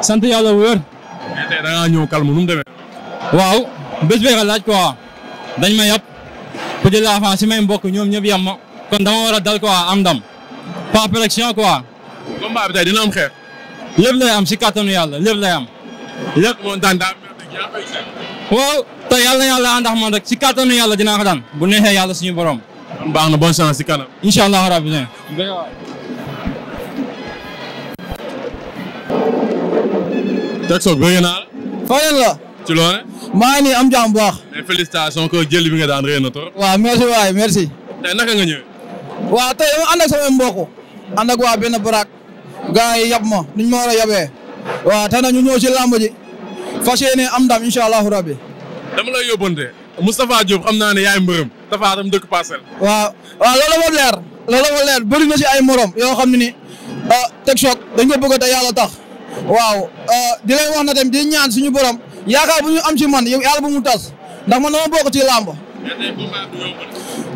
sant yàlla bu wér. mais waaw bés bee ka laaj quoi dañ ma yab ku di la avance si may mbokk ñoom ñëpp yam kon dama war a dal quoi am ndam pas protection quoi. combat bi tey am si kàttanu yàlla lépp lay am. lépp moo daan daa waaw te yàlla yàlla si kàttanu yàlla dinaa ko daan bu neexee yàlla suñu borom. baax na bonne chance si kanam. incha allah Jackson bëgg naa la. fayal la. ci loone maa ngi nii am jàmm bu baax. mais félicitations ko jël bi nga daan rëy na trop. waaw merci waay merci. tey naka nga ñëwee. waaw tey dama ànd ak sama mbokk. ànd ak waa benn baraak. gars ma nuñ ma war a yabee. waaw tey nag ñu ñëw ci làmb ji. am ndam incha allahu rabbi. dama lay yóbbante. Moustapha Diop xam naa yaay mbërëm. Tafa tam dëkk Parcelles. waaw waaw ma leer. loolu ma ay morom yoo xam ne ni. ah teg choc dañ ko bëgg te waaw euh, di leen wax na tamit di ñaan suñu borom yaakaar bu ñu am ci man yàlla bu mu tas ndax man dama bokk ci làmb.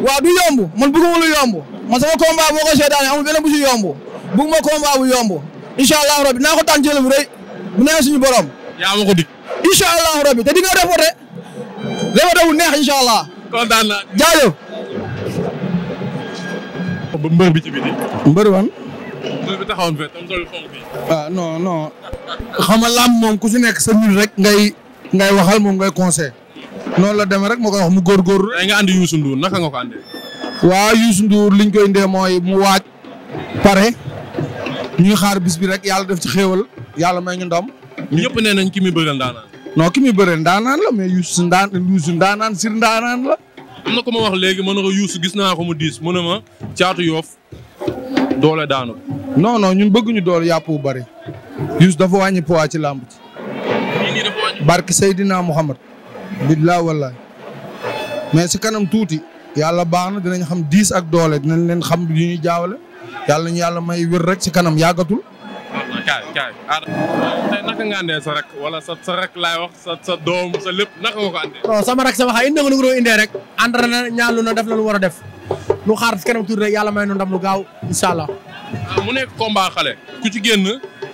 waaw du yomb man bëgguma lu yomb man sama combat boo ko seetaanee amul benn bu ci yomb bëgguma combat bu yomb incha allah rabi naa ko tànn jël bu bu neex suñu borom. yaa ma ko dig. incha allah rabi te di bu neex incha allah. kontaan naa biti. mbër wan. bi taxawoon fee tam ah, nga làmb moom ku si nekk sa mbir rek ngay ngay waxal moom ngay conseil noonu la demee rek moo koy wax mu góorgóorlu. da nga andi Youssou Ndour naka nga ko andee. waaw Youssou Ndour liñ koy indee mooy mu waaj pare ñuy xaar bis bi rek yàlla def ci xéewal yàlla may ñu ndam. ñëpp nee nañ ki muy bëreel ki muy bëreel daanaan la mais Youssou ndaanaan sir ndaanaan la. am na ko ma wax léegi ma ne ko Youssou gis naa ko mu diis ma ne ma caatu yoof doole daanu. non ñun bëgguñu doole yàpp bu bëri. Youssou dafa wàññi poids ci làmb ci barki Seydina Muhammad. billaa wallaay. mais si kanam tuuti. yàlla baax na dinañ xam diis ak doole dinañ leen xam yu ñuy jaawale. yàlla ñu yàlla may wér rek si kanam yàggatul. kaay kaay tey naka nga andee sa rek wala sa sa laay wax sa sa doom sa lépp naka nga ko andee. sama rek sama xay indi nga nu indee rek. ànd na ñaalu na def la war a def. nu xaar ci kanam tuuti rek yàlla may nu ndam lu gaaw incha allah. Ah, mu nekk combat xale ku ci génn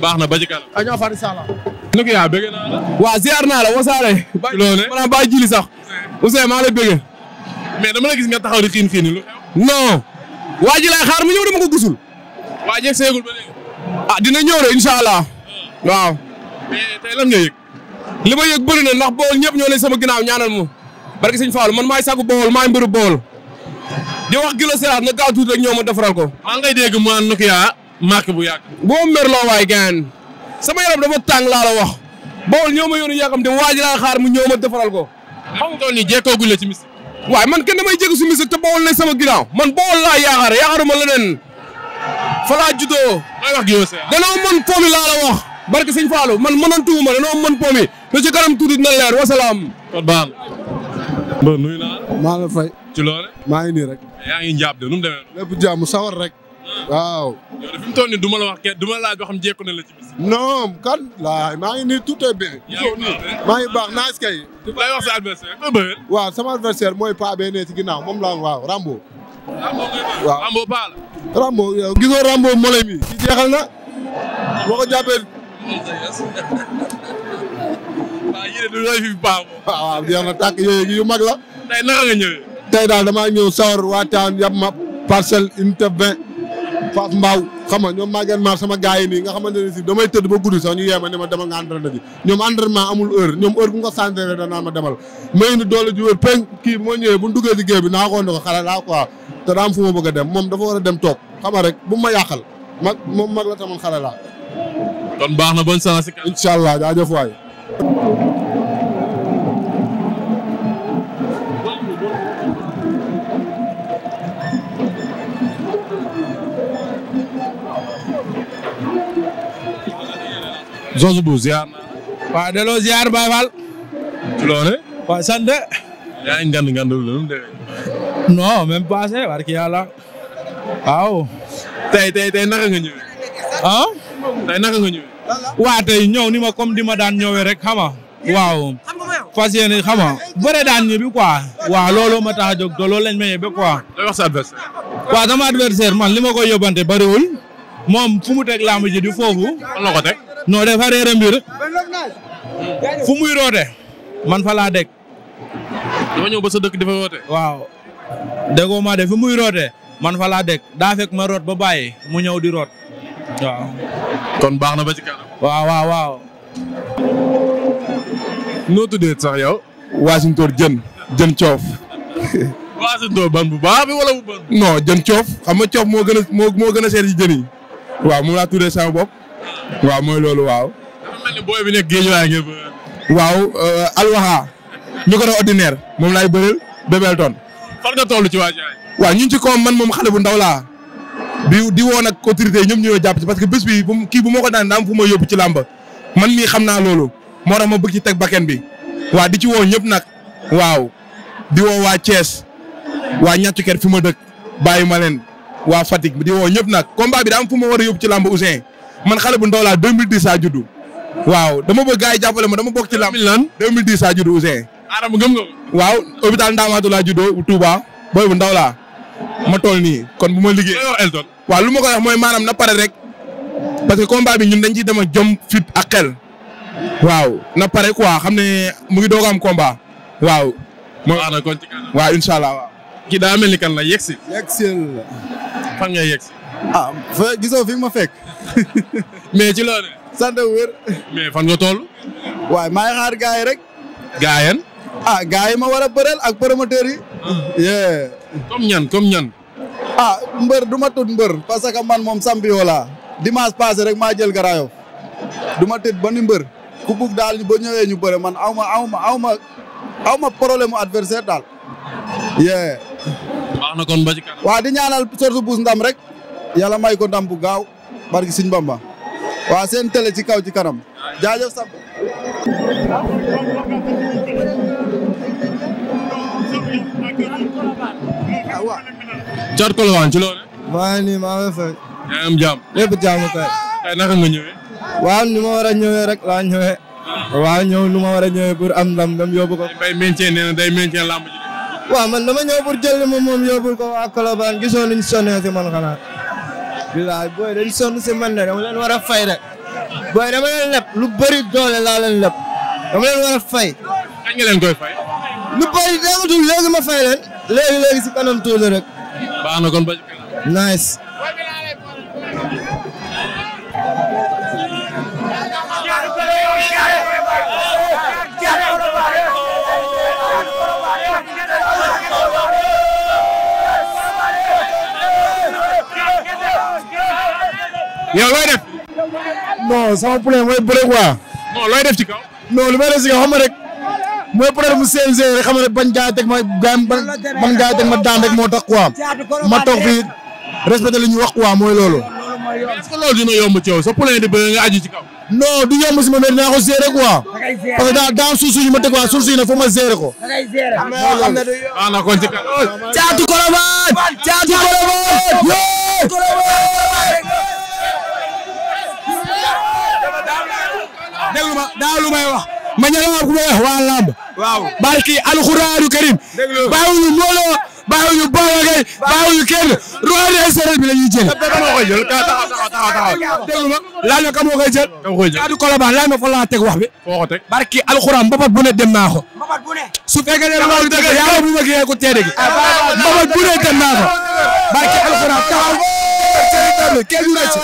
baax na ba ci kanam. a ah, ñoo fari sala nuku yaa bëgg naa la waaw wasaare maanaam jili sax Ousseyn maa lay bëgg mais dama la gis nga taxaw di xiin xiin lu non waa ji lay xaar mu ñëw dama ko gisul waa jeeg seegul ah, dina ñëw de incha allah waaw mais tey lan nga yëg li ma yëg bëri na ndax bool ñëpp ñoo ne sama ginnaaw ñaanal ma barki sëñ Fall man maay sagu bool maay mbëru bool di wax gilo seraat na gaaw tuuti rek ñoo ma defaral ko maa ngay dégg mu naan Nokia màkk bu yàgg. boo merloo waay gaan sama yaram dafa tàng laa la wax Bawol ñoo ma yónni yàggam te waaj laa xaar mu ñëw ma defaral ko. xam nga ni jékkooguñ la man kenn damay jékku su mystique te Bawol ne sama ginnaaw man Bawol laa yaakaar yaakaaruma leneen fa laa juddoo. may wax yow Seydou. danoo la wax. barke sëñ Fallou man mënantuwuma danoo mën po mi lu ci kanam tuuti dina leer wasalaam. kon baax na. mbër nuyu naa la. maa la fay. ci loole. maa ngi nii rek. yaa ngi jàpp de nu mu demee. rek. waaw. yow de fi mu toll nii du ma la wax kenn du na la non kan laay maa ngi nii tout est bien. Eh? maa ngi baax naaj kay. wax sama adversaire mooy paa bee nee ci moom laa waaw Rambo. waaw Rambo paa la. Rambo jeexal na boo ko jàppee. Ah, waaw yéen na tàkk yooyu yu mag la. tey naka nga ñëwee. tey daal damaa ñëw sawar waataan yab ma parcelle Faaf Mbaaw xam nga ñoom Maguette Mar sama gars yi nii nga xamante ne si damay tëdd ba guddi sax ñu yeema ne ma demal nga entraînement ji ñoom entraînement amul heure ñoom heure bu nga centré rek danaa ma demal ma indi doole ji wër peñ kii moo ñëwee bu ñu duggee si naa ko ne ko xale te daam fu ma bëgg a dem moom dafa war a dem toog xam rek bu ma yàqal mag moom mag la tamoon xale laa kon baax na bonne chance incha allah jaajëf waay Zoss bu ziar. waaw delloo ziar Baye Fall. ci loone waaw sant. yaa ngi ngand ngand lu mu tey tey naka nga ñëwee. Ah? tey naka nga waa tey ñëw ni ma comme di ma daan ñëwee rek xama waaw fas yéene xam daan ñibbi quoi. waaw looloo ma tax a jóg loolu lañ ma yebbe quoi. looy wax sa adversaire. man li ma koy yóbbante bariwul moom fu mu teg làmb ji di foofu. non dafa réer mbir fu muy roote man fa laa dëkk. dama ñëw ba sa dëkk dafa roote. waaw déggoo ma de fu muy roote man fa laa dëkk daa fekk ma root ba bàyyi mu ñëw di root waaw. kon baax na ba ci kanam. waaw waaw waaw. noo tuddee sax yow. Wassintor jën jën coof. Wassintor ban bu baax wala bu ban. non jën coof xam nga coof moo gën a gën a seer ci jën waaw mu laa tuddee sama bopp. waaw mooy loolu waaw. booy bi nekk géej waaye waaw euh, alwaxa ñu ko doon ordinaire moom laay bëreel bébel ton fan nga toll ci waajaay waaw ñu ngi ci koom man moom xale bu ndaw laa di woo woon ak autorité ñoom ñoo jàpp parce que bés bi bu kii bu ma ko daan daam fu ma yóbbu ci làmba man mii xam naa loolu moo tax ma bëgg ci teg baken bi waa di ci woo ñëpp nag waaw di woo waa Thiès waa ñàccu ker fi ma dëkk bàyyi ma leen waa Fatick di woo ñëpp nag combat bi daam fu ma war a yóbbu ci làmba Ousseyn man xale bu ndaw laa 2010 saa juddu. waaw dama bëgg gars yi jàppale ma dama bokk ci lamb. 2010 saa juddu Ousseyn. Adama gëm nga waaw hôpital Ndamatou laa juddoo Touba booy bu ndaw ma toll nii kon bu ma liggéey. Elton waaw lu ma ko wax mooy maanaam na pare rek. parce que combat bi ñun dañ ciy dem ak jom fit a xel. waaw na pare quoi xam ne mu ngi doog am combat. waaw. mooy ànd waaw incha allah ni kan la yegg si. yegg si la. fan ngay yegg si. ah fa fi ma fekk. mais ci loolu. sant wér. mais fan waaye maa xaar gars yi rek. gars yan. ah yi ma war a bëreel ak promoteur yi. Ah. yee. comme ñan comme ñan. ah mbër du ma tut mbër parce que man moom champion laa dimanche rek maa jël garaayo du ma tut ba ni mbër ku bugg daal ba ñëwee ñu bëre man aw ma aw ma aw problème mu adversaire daal. yee. baax di ñaanal sortu buus ndam rek yàlla may ko ndam bu gaaw. barki Sëñ Bamba waa seen tele ci kaw ci kanam jaajo sam waaw. Thiat Colobane ci loolu. maa ni nii maa ngi fay. yaa ngi am lépp jàmm kay. kay naka nga ñëwee. waaw ni ma war a ñëwee rek laa ñëwee. Ah. waaw ñëw nu ma war a ñëwee pour am ndam dem yóbbu ko. day meññee nee day meññee làmb man dama ñëw pour jël li moom ko waa Colobane gisoo nuñ sonnee si man xanaa. bilaay booy dañ sonn si man de dama leen war a fay rek. booy dama leen leb lu bari doole laa leen leb dama leen war a fay. kañ nga leen koy fay. lu bëri déggatul léegi ma fay leen. léegi léegi si kanam tuuti rek. baax na kon ba. nice. yow looy def. non sama problème mooy bëre quoi. non looy def ci kaw. non li may def ci kaw xam nga rek mooy problème mu CNG rek xam nga rek bañ gaa teg ma gaa man gaa teg ma daan rek moo tax quoi ma toog fii respecté li ñu wax quoi mooy loolu. est-ce que loolu dina yomb ci yow sa di bëre nga aju ci kaw. non du yomb si ma mais dinaa ko gérer quoi. parce que daa daa suuf suñu ma teg waa suuf suñu nag foog ma gérer ko. waaw na kon ah, caatu koroba caatu koroba. déglu ma daa lu may wax. ma ñëwaat ku wax waa lamb. waaw barki alxuraanu karim. dégg nga bàyyiwuñu mbooloo bàyyiwuñu Balla Gaye bàyyiwuñu kenn roi des arènes bi la ñuy jël. déglu ma laaj ma ka moo koy jël. ka moo koy jël kaddu Colobane laaj ma fa teg wax bi. ko teg barki alxuraan mbapat bu ne dem naa ko. su fekkee ne loolu dëgg yàlla bu ma kii ko teede gi. mbapat bu ne dem naa ko. barki alxuraan taxaw. kenn du la ci.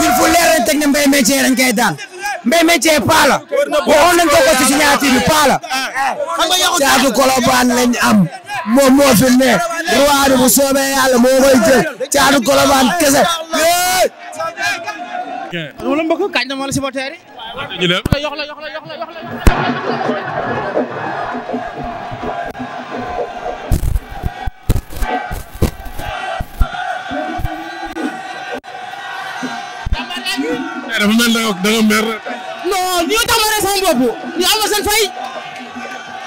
ñun fu leer lañ teg ne mbay métier lañ koy daal. Mbaye métier paa la waxoon nañ ko ko ci signature bi paa la caatu Colobane lañ am moom moo fi ne roi bi soobee yàlla moo koy caatu Colobane kese. wala mbokk non ñoo tax ma ne sama bopp ñu am ma seen fay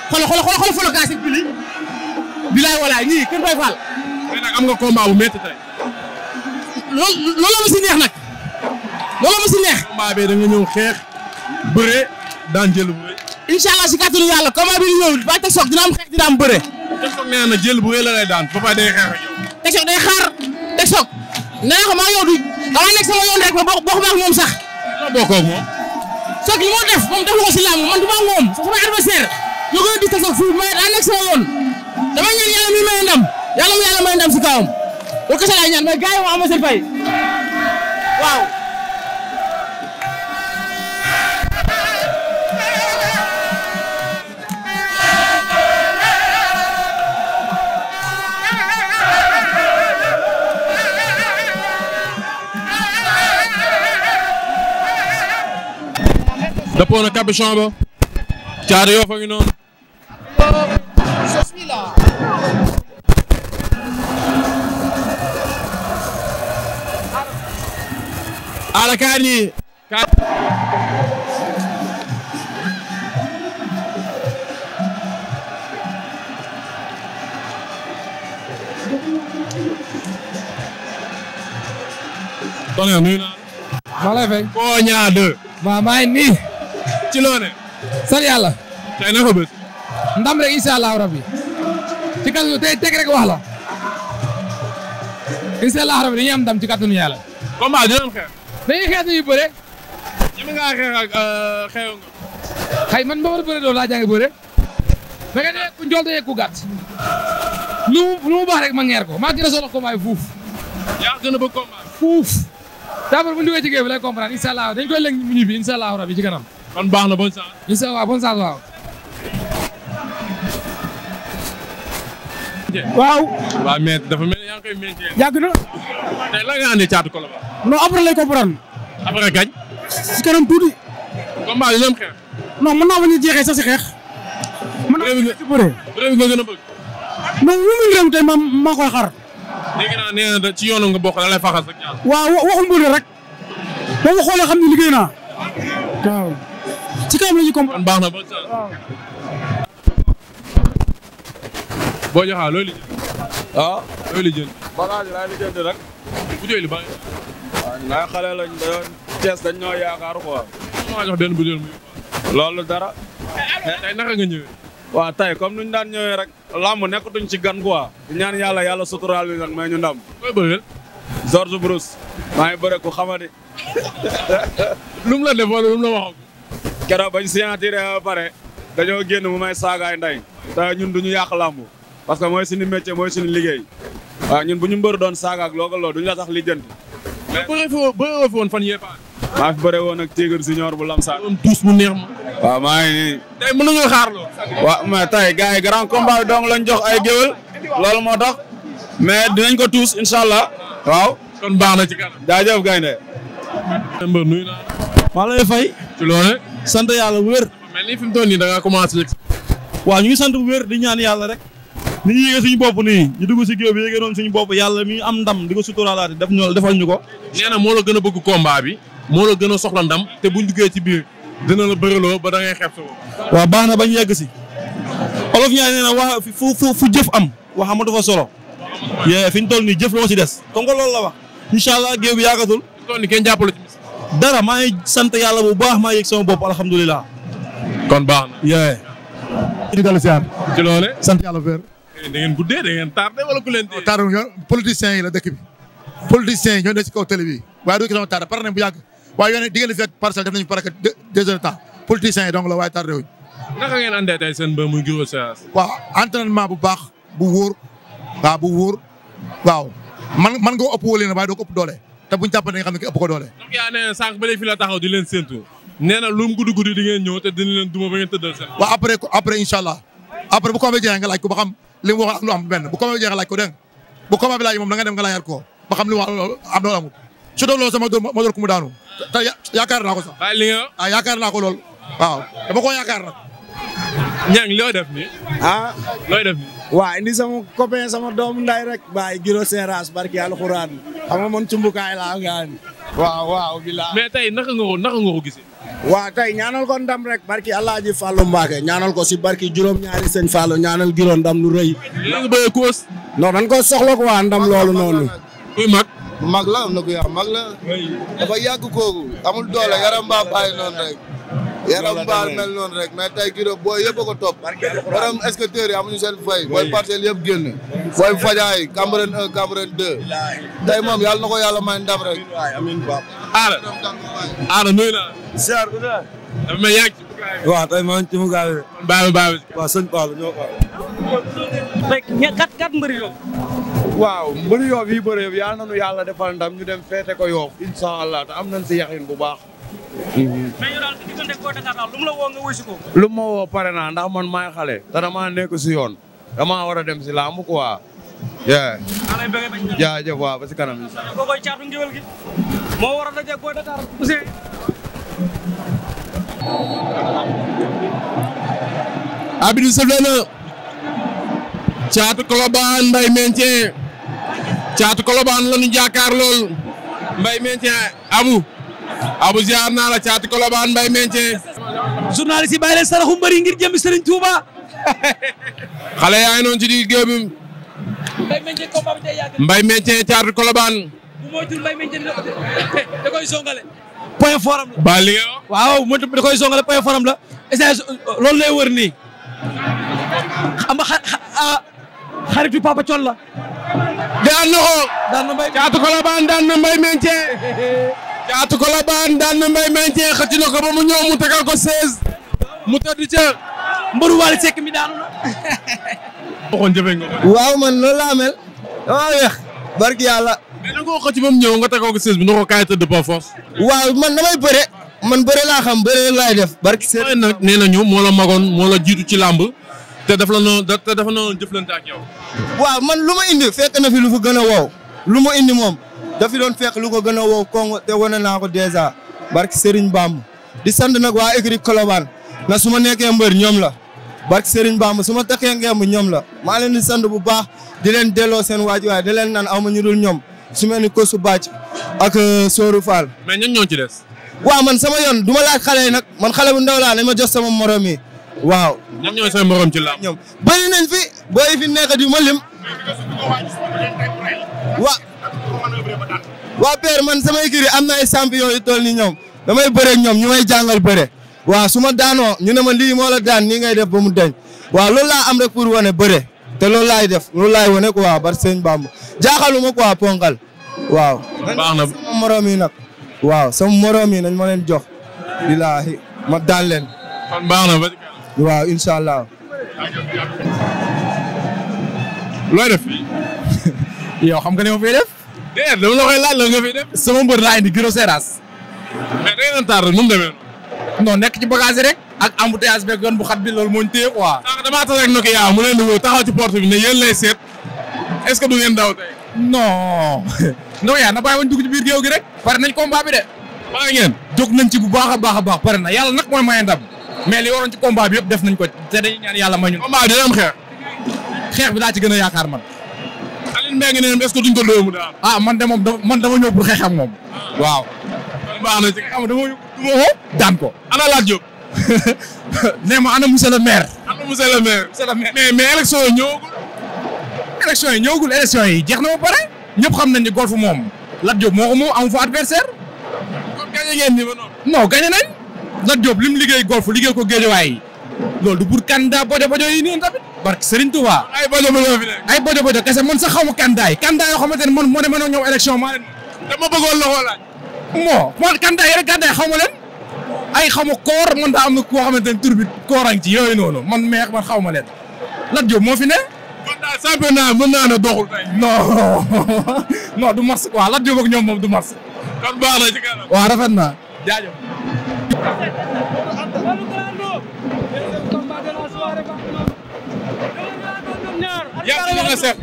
xool xool xool xool flocage bi li ñii kenn fay faal. mais nag am nga combat bu métti tey. loolu loolu neex nag loolu la bi da nga xeex bëre daan jël bu rëy. incha allah si kàttanu yàlla combat bi di ñëw ba teg soog dina am xeex dina am bëre. teg soog nee na jël bu rëy la lay daan papa nekk sama yoon rek ma ak moom sax. dina bokk moom. soog li moo def moom defu ko si làmb man du ma ngoom sama adversaire ñoo gën a dista soog fuuf may en action yoon dama ñaan yàlla mi may ndam yàlla mu yàlla may ndam si kawam loolu kese ñaan mais gars yi moo am dëppoo na capuchon ba caatu yoo fa ngi noonu je suis là ala kaani Tonnerre nuyu naa. maa lay fay. Koña 2. waaw maa ngi nii. ci loone sant yàlla. tey na ko rek incha allahu ci kàddu tey teg rek wax la. incha allahu rabi dañuy am ndam ci kàttanu yàlla. combat dinañ xeex. xeex dañuy euh, xeex nga. xay man mbaa war a bëre loolu laa jàng bëre. da ku njool da ku gàtt. lu mu lu rek ma ngeer ko maa gën a soxla combat bi fuuf. yaa gën a daa bëgg bu ñu ci géew bi lay comprendre incha allah dañ mu ñibbi incha allahu ci kanam. kon baax na bonne chance. incha allah bonne waaw. waaw. waaw dafa mel ni yaa ngi koy métier. yàgg na. tey lan après lay comprendre. après kañ. si kanam tuuti. combat yi ñoom xeex. non mën naa bañ a jeexee sax si xeex. mën naa bañ a si bëree. bëre bi nga gën a tey ma maa xar. naa nee ci yoonu nga bokk da lay faxal waaw waxu mbër rek. boo ma xoolee xam ne liggéey naa kanam la ñuy comprendre baax na ba. boo joxaa looy lijjanti. ah looy lijjanti. bagage yi laay lijjanti rek. bu jëlee ba. waaw naa xale lañ dañoo Cees dañ ñoo yaakaar quoi. maa jox benn butéel muy. loolu dara. tey naka nga ñëwee. waaw tey comme nuñ daan ñëwee rek. làmb nekkatuñ ci gan quoi. ñaan yàlla yàlla suturaal bi nag may ñu ndam. koy bëreel. George Bruce. maa ngi bëre ku xamadi. lu mu la def wala lu mu la waxoon. keroog bañ signature ba pare dañoo génn mu may saagaay nday te ñun duñu yàq làmb parce que mooy suñu métier mooy suñu liggéey waaw ñun bu ñu mbër doon saagaak looga lool duñu la sax lijjanti mais bëree fi woon fan yépp maa fi bëre woon ak Tigre Junior bu Lamsaar. douce mu maa ngi nii. tey mën nañu xaar lool. lañ jox ay géwél. loolu moo tax. mais dinañ ko tuus incha allah. waaw. kon baax na ci kanam. jaajëf gaynde. mbër maa lay fay. sant yàlla bu wér. mel ni fi mu toll nii da ngaa commencé. waaw ñu ngi sant bu wér di ñaan yàlla rek. ni ñu yëgee suñu bopp nii ñu dugg si géew bi yëgee noonu suñu bopp yàlla mi am ndam di ko suturaalaati def ñu defal ñu ko. nee na moo la gën a bëgg combat bi. moo la gën a soxla ndam te buñ duggee ci biir. dina la bëriloo ba da ngay xeeb sa bopp. waaw baax na si. olof ñaar nee na wax fu fu fu jëf am wax amatu fa solo. yee fi ñu toll nii jëf loo si des. kon loolu la wax. incha allah géew bi yaakatul. dara maa ngi sant yàlla bu baax maa yëg sama bopp alhamdulilah. kon baax na. yee. di dellu siyaar. loole sant yàlla bu wér. Eh, da ngeen guddee ngeen tardé wala ku leen dee. Oh, tardé wu ñu politiciens yi la dëkk bi. politiciens yi ñoo ne ci kaw télé bi waaye du ko tardé pare nañ bu yàgg waaye yow nag di ngeen def nañu pare que deux heures de temps politiciens yi donc la waaye tardé wuñ. naka ngeen andee tey seen mbéy muy Guiro Séras. waaw entraînement bu baax bu wóor. waaw bu wóor. waaw man man nga ëpp wóole na waaye doo ko doole te buñ jàpp ne nga xam ne ki ëpp ko doole ndax yaa ne sànq ba léegi fi la taxaw di leen séentu nee na lu mu di ngeen ñëw te dina leen duma ba ngeen tëddal seen waaw après après après bu combat jeexee nga laaj ko ba xam li mu wax ak lu am benn bu combat ko dégg bu combat bi laaj moom da nga dem ko ba xam li mu wax ma te yaakaar ko sax li nga waaw ah, yaakaar naa ko lool waaw dama koo yaakaar waa indi sama copain sama doomu nday rek bàyyi giro seeraas barki alxuraan xam nga man cumbukaay laa ngaani waaw waaw bilaa mais tey naka nga ko naka nga ko gisee waaw tey ñaanal ko ndam rek barki alaaji Fallou Mbacké ñaanal ko si barki juróom-ñaari sëñ Fallou ñaanal giro ndam lu rëy léegi bëgg koos non dañ ko soxla ko waa ndam loolu noonu mag mag la am na ku yaa yaram baal mel noonu rek mais tey kii booy yëpp a ko topp borom escorteurs yi amuñu seen fay booy parcelles yëpp génn booy fajaay Cambérène 1 Cambérène 2 tey moom yàlla na ko yàlla may ndam rek amiin bab aara aara nuyu naa ziar bu na mais yaa ngi ci waaw tey maa ngi ci mu gaaw baabi baabi waaw sëñ Paul yàlla defal ndam ñu dem feete ko yow incha allah te am nañ si yaxin bu baax woo Dakar daal lu mu la woo pare naa ndax man maay xale te damaa nekk si yoon damaa war a dem si laamu quoi. jaajëf waaw ba si kanam. boo koy caatu dana caatu Colobane Mbaye Maintien caatu Colobane la ñu jàkkaar lool Mbaye Maintien Abu. Abu ziar naa la caati Kolobaan Mbaye Menthié. journaliste yi bàyyi leen saraxu mbëri ngir jëm Serigne Touba. xale yaa ngi ci digg géew bi. Mbaye Menthié caati Kolobaan. bu moytuwul la. ba li nga waaw moytu da koy songale point fort la. est loolu lay wër nii. Ah, Papa Thion la. daan na ko. daan daan na Mbaye Menthié. Caatu Colobane daan na Mbaye Maintien xëcc na ko moom mu ñëw mu tegal ko mu tëdd ca mbëru Wally Seck mi daanu na. waxoon jëfe nga waaw man loolu laa mel. damaa yàlla. mais da nga ko xëcc nga tegal ko bi nga ko kaay tëdd par force. waaw man damay bëre. man bëre laa xam bëre laay def. barki seen xëy na nee moo la magoon moo la jiitu ci làmb. te daf la noonu te dafa noonu jëflante ak yow. waaw man lu ma indi fekk na fi lu fa gën a wow. lu ma indi moom. dafi doon fekk lu ko gën a wow ko te wane naa ko dèjà barki Serigne Bamb di sant nag waa écrit Colobane na su ma nekkee mbër ñoom la barki Serigne Bamb su ma takkee ngemb ñoom la maa leen di sand bu baax di leen delloo seen waaj waajuwaay di leen nan aw ma ñu dul ñoom su mel ni Kosu Bàcc ak euh, Sooru Fall. mais ñun ñoo ci des. waaw man sama yoon du ma laaj xale yi nag man xale bu ndaw laa dañ ma jox sama morom waaw. ñoom ñooy sama morom ci làmb ñoom bëri fi booy fi nekk di ma lim. wa waa père man samay kiri am na ay champion yu toll ni ñoom damay bëre ak ñoom ñu may jàngal bëre waaw su ma daanoo ñu ne ma lii moola la daan nii ngay def ba mu deñ waaw loolu laa am rek pour wane bëre te loolu laay def loolu laay wane quoi bar sëñ Bamba jaaxaluma quoi ponkal waaw. baax morom yi nag. waaw sama morom yi nañ ma leen ma daan len kon baax na ba. waaw incha allah. looy def. yow xam nga ne déedéet eh, dama la koy laaj la nga fi def. sama mbër na indi Giro Seras. mais da ngeen tardé nu mu demee nekk ci bagage rek. ak embouteillage bu xat bi loolu moo ñu téye quoi. Ah, leen di taxaw ci porte bi ne yéen lay seet est-ce que du ngeen daw na bàyyi woon dugg ci gi rek. pare nañ combat bi de. pare jóg nañ ci bu baax a baax a baax pare na yàlla nag mooy maye ndam. mais li waroon ci combat bi yëpp def nañ ko te dañuy ñaan yàlla may ñun. bi dina xeex. xeex bi laa ci gën a yaakaar man. Alioune Mbengue nee na est-ce que duñ ko daal. ah man de moom man dama ñëw pour xeex ak moom. Ah. waaw. baax na ci xam ah, dama ñëw daan ko. ana laaj Diop. nee ma ana monsieur le maire. ana monsieur le maire. monsieur le maire mais mais élection yi ñëwagul. élection yi ñëwagul élection yi jeex na ba pare. ñëpp xam nañ ni golf moom. Lat Diop moo ko moom amu fa adversaire. kon gagné ngeen ni ba noonu. li liggéey golf liggéey ko géejewaay yi. du pour candidat bojo bojo yi nii tamit. barke Serigne Touba. ay bojo bojo fi nekk. xaw ma kandaay kandaay yoo moo ne ma ne ñoom élection maa leen. dama bëggoon la kandaay rek xaw ma leen. ay xaw ma koor man am na koo xamante ne tur bi koorang ci yooyu noonu man meex man xaw ma leen. Lat Diop moo fi ne. kon daal championnat mën naa ne doxul tey. non non du mars waaw Lat Diop ak ñoom moom du mars. kon baax na ci na yàlla na nga seet.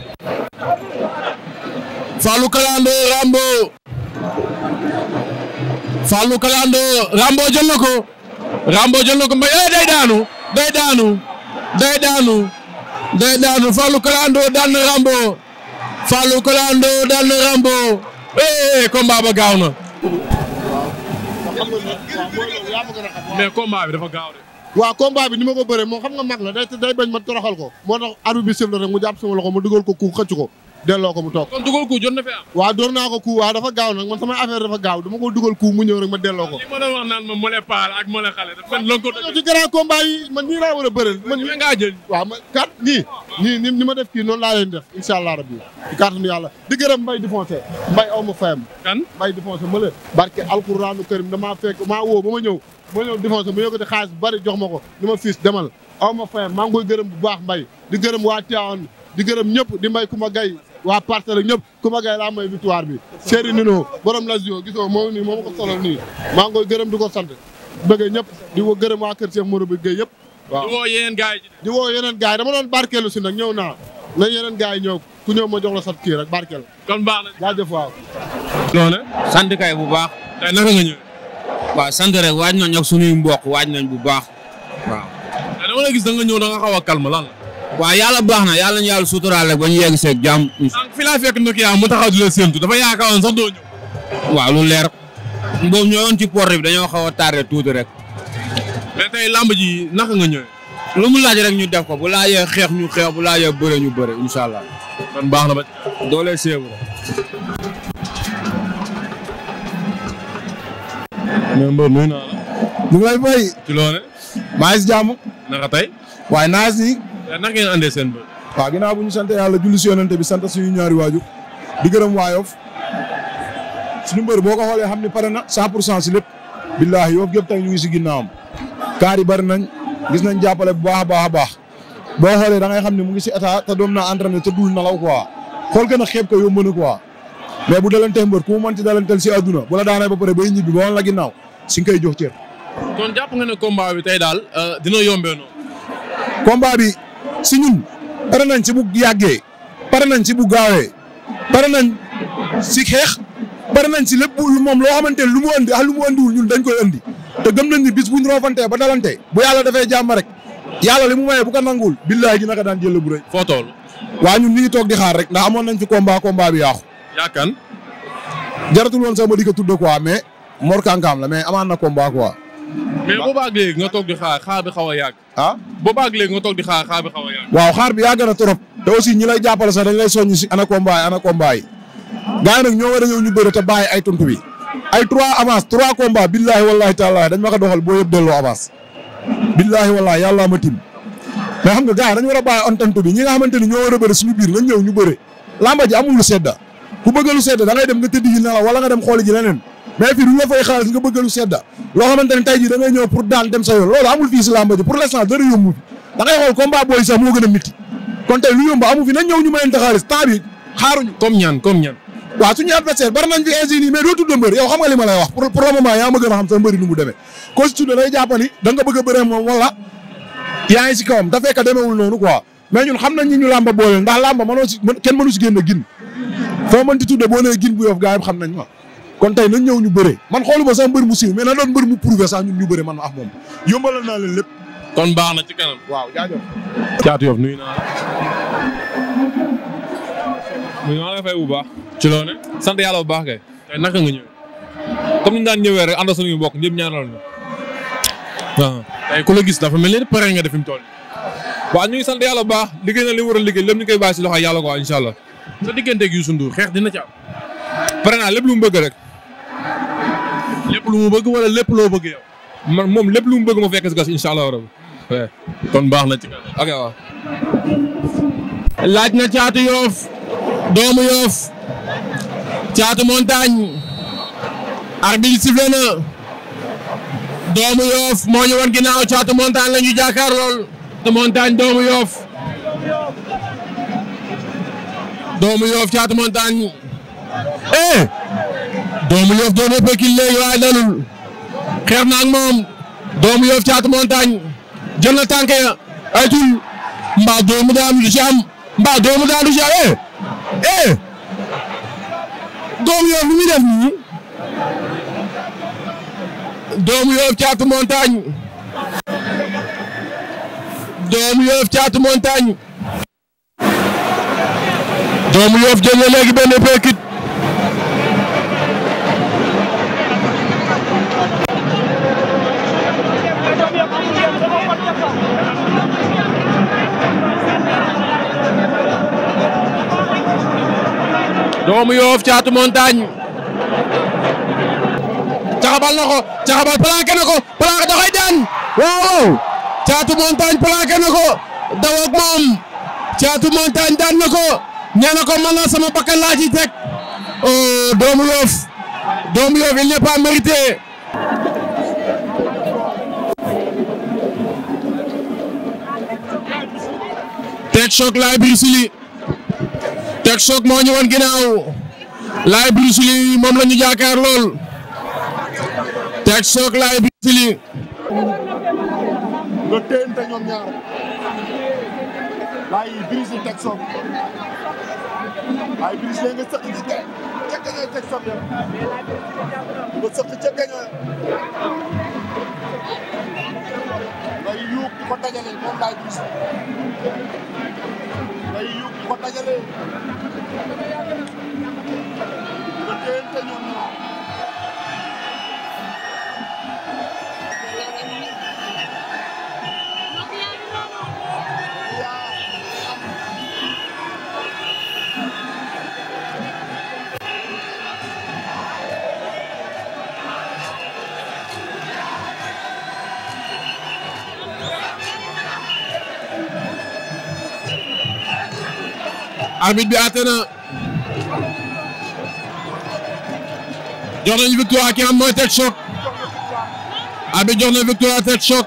Fallou Kalando Rambo. Fallou Kalando Rambo ko. Rambo jël na ko mbay eh day daanu day daanu day daanu day daanu daan na Rambo. Fallou Kalando daan na Rambo. eh combat ba gaaw bi dafa waaw combat bi ni ma ko bëree moom xam nga mag la ma toroxal ko moo tax arbitre bi siffle rek mu jàpp sama loxo ma dugal ku xëcc ko delloo ko mu toog. kon dugal coup waa na fi ko coup waaw dafa gaaw nag man sama affaire dafa gaaw dama ko dugal ku mu ñëw rek ma delloo ko. li ma doon wax naan ma mole paal ak mole xale. a bëreel. man ni ma def kii noonu laa leen def incha allah rabbi ci kàttanu yàlla di gërëm mbay di foncé mbay aw ma fayam. kan mbay di foncé ma la. barke alquranu karim damaa fekk maa woo ba ma ñëw ma ñëw di foncé ma xaalis bu bari jox ma ko ni ma fiis demal aw ma fayam maa ngi gërëm bu baax mbay di gërëm waa Tivaouane di gërëm ñëpp di mbay ku ma gay waa parcelle ak ñëpp ku ma gay laa mooy victoire bi Seydou Nino borom Lazio gisoo moom nii moom ko solal nii maa ngi gërëm di ko sant bëggee ñëpp di ko gërëm waa kër Cheikh Mourou bi Gueye yëpp waaw di woo yeneen gars yi di woo yeneen si nag ñëw naa nañ yeneen gars yi ñëw ku ñëw ma jox la sat kii rek barkeel kon baax na jaajëf waaw loolu sant kay bu baax tey naka nga ñëw waaw sant rek waaj nañ ak suñuy mbokk waaj nañ bu baax waaw dama la gis da nga ñëw da nga xaw a calme waaw yàlla baax na yàlla ñu yàlla suturaal rek ba ñu yegg seeg jàmm. fi laa fekk Nokia mu taxaw di la séntu dafa yaakaaroon sax doo ñëw. waaw lu leer. boobu ñëwoon ci port bi dañoo xaw a tardé tuuti rek. mais tey lamb ji naka nga ñëwee. lu mu laaj rek ñu def ko bu laajee xeex ñu xeex bu laajee bëre ñu bëre incha allah. baax na ba. doole séebu mais Mbodj nuyu naka tey. waaye naa si. naka ngeen andee seen bër. waaw ginnaaw bu ñu sant yàlla julli si yonante bi sant suñu ñaari waajur di gërëm waayof suñu mbër boo ko xoolee xam ne pare na 100 pour cent si lépp. billaahi yoof yëpp tey ñu si ginnaawam. kaar yi bari nañ gis nañ jàppale bu baa baa baax a baax boo xoolee da ngay xam ne mu ngi si état te doom naa entraîné te duul nalaw quoi xool gën a xeeb ko yomb na quoi. mais bu dalantee mbër ku mu mën ci dalanteel si àdduna bu la daanee ba pare bay ñibbi ba woon la si nga koy jox cër. kon jàpp nga daal euh, dina yombee si ñun pare nañ ci bu yàggee pare nañ ci bu gaawee pare nañ si xeex pare nañ si lépp moom loo xamante ne lu mu andi ak lu mu andiwul ñun dañ koy andi te gëm nañ ni bis bu ñu roofantee ba dalante bu yàlla dafay jàmm rek yàlla li mu maye bu ko nanguwul billaay dina ko daan jël bu rëy. foo toll. waa ñun ñu ngi toog di xaar rek ndax amoon nañ fi combat combat bi yaaxu. yaakaar jaratul woon sama di ko tudd quoi mais Mor Kankaam la mais amaan na combat quoi. mais boobaag léegi nga toog di xaar xaar bi xaw a yàgg. ah boobaag léegi nga toog di xaar xaar bi xaw a waaw xaar bi yàgg a trop. te aussi ñi lay jàppale sax dañ lay soññu si ana combat ana combat yi. nag ñoo war a ñëw ñu bëre te bàyyi ay tontu bi. ay trois avance trois combat billahi wallahi taala dañ ma ko doxal boo yëpp delloo avance. billahi wallahi yàlla ma tim. xam nga gars war a bàyyi on tontu bi ñi nga xamante ni ñoo war a bëre suñu biir nga ñëw ñu bëre. lamba ji amul sedda ku bëgg mais fii du ñu la fay xaalis lu sedda loo xamante ne tey jii da ngay ñëw pour daan dem sa yoon loolu amul fii si làmb ji pour l'instant dara yomb fi da ngay xool combat booy sax a métti kon tey lu yomb amu fi nañ ñëw ñu mayante xaalis temps bi xaaruñu comme ñaan comme ñaan waaw suñu adversaire bari nañ fi ingénieur mais yaa ma gën a xam sa mbëri nu mu demee ko si tudd day a bëree moom wala yaa ngi si kawam da fekk demeewul noonu quoi mais ñun nañ ñi ñu làmba boole ndax làmba mënoo si kenn mënu si génn gin kon tey nañ ñëw ñu bëre man xooluma sax mbër mu siiw mais na doon mbër mu prouvé sax ñun ñu man ma ak moom yombalal naa leen lépp. kon baax na ci kanam. waaw jaajëf. Caatu Yoff nuyu naa la. maa ngi fay bu baax. ci loone sant yàlla bu baax kay. tey naka nga ñëw. comme ni ñu daan ñëwee rek ànd ak suñuy mbokk ñëpp ñaanal ñu. waaw tey ku la gis dafa mel ni pare nga def fi mu toll. ñu ngi sant yàlla bu baax liggéey na li war a liggéey lépp ñu koy bàyyi si loxo yàlla quoi incha allah. sa digganteeg Youssou Ndour xeex dina ci am. pare naa lépp lu mu lépp lu mu bëgg wala lépp loo bëgg yow. man moom lépp lu bëgg ma fekk si gas allah rabi. kon baax na ci. ok na caatu yoof doomu yoof caatu montagne. arbitre sifflé na. doomu yoof moo ñu wan ginnaaw caatu montagne la ñu lool. caatu montagne doomu yoof. doomu montagne. eh. doomu Yoff doon na Pikine léegi waaye dalul xeex na ak doomu Yoff Thiatou Montagne jël na tànk mbaa doomu daanu du ci am doomu daanu du ci eh! Eh! doomu Yoff lu muy doomu Yoff Thiatou Montagne doomu Yoff Thiatou Montagne doomu Yoff jël na léegi benn doomu Yoff Thiatou Montagne caxabal na ko caxabal planqué na ko planqué da koy daan waaw Thiatou Montagne planqué ko daw moom Thiatou Montagne daan na ko nee na ko man sama bakkan laa ci teg oh, doomu Yoff doomu Yoff il n'est pas mérité Tek Choc Laye Bruce Lee Tek Choc moo ñu woon ginnaaw Laye Bruce Lee moom la jaakaar lool Tek Choc Laye Bruce Lee nga téente ñoom ñaar Laye Bruce Lee Tek Choc Laye Bruce Lee nga sëq ci ca gaña Tek Choc ya nga sëq nga yuuk ko dajale day yóbbu ko dajale ba tey te ñoom ñaar arbitre bi àtte na jox nañu victoire ki am mooy Tek Choc arbitre jox na victoire Tek Choc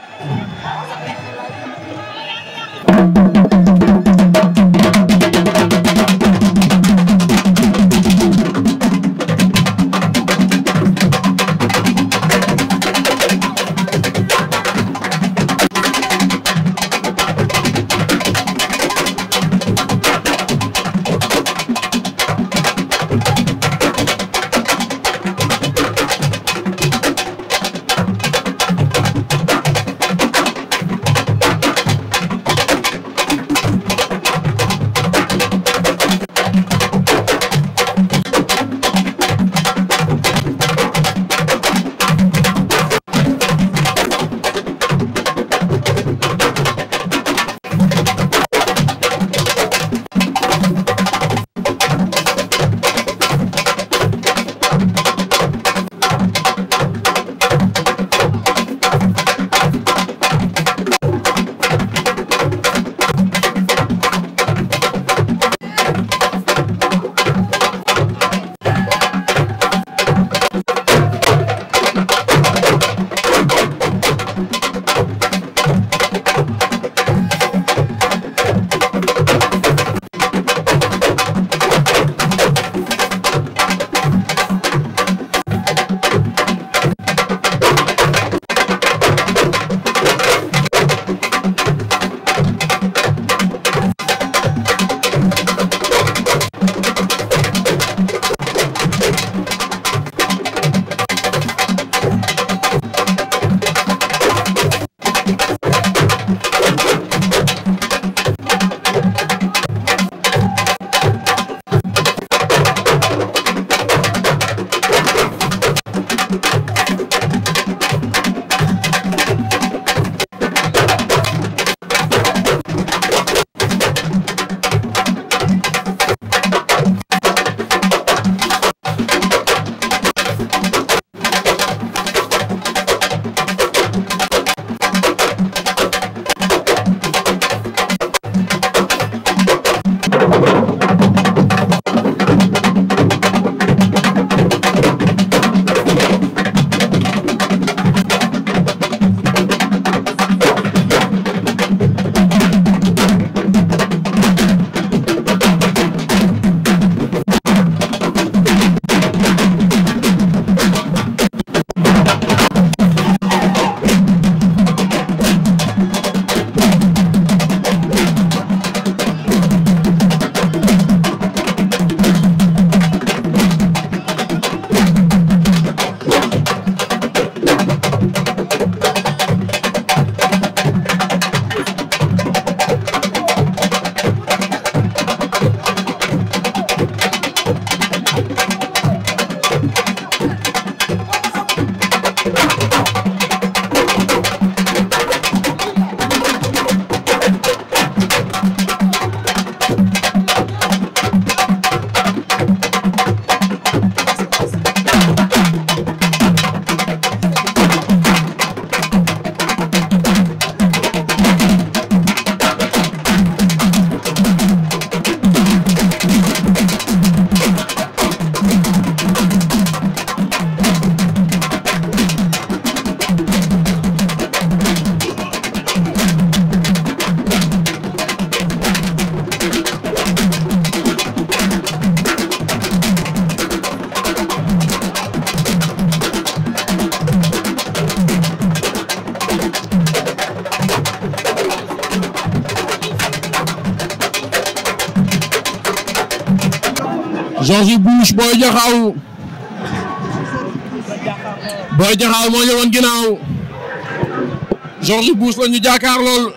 Bush la ñu jàkkaar lool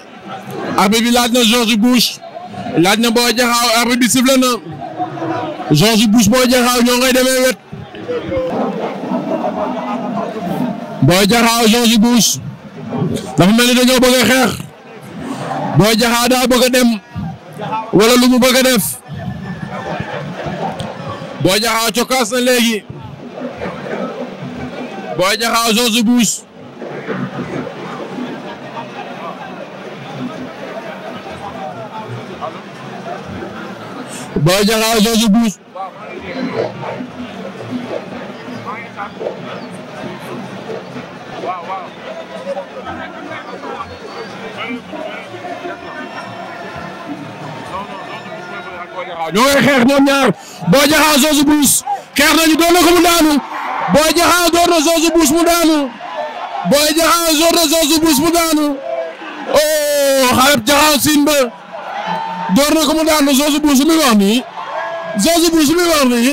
arbitre bi laaj na George Bush laaj na Boy Diakhao arbitre bi sifflé na George Bush Boy Diakhao ñoo ngay demee wet Boy Diakhao George Bush dafa mel ni dañoo bëgg a xeex Boy Diakhao daa bëgg a dem wala lu mu a def Boy Diakhao cokkaas na léegi Boy George Bush Boy Diakha George Bush ñoo xeex ñoom ñaar Boy Diakha George Bush xeex nañu doon na ko mu daanu mu daanu Boy Diakha door na mu daanu oh xale Diakha Sine door na ko mu daanu George Bush mi wax nii George Bush mi wax nii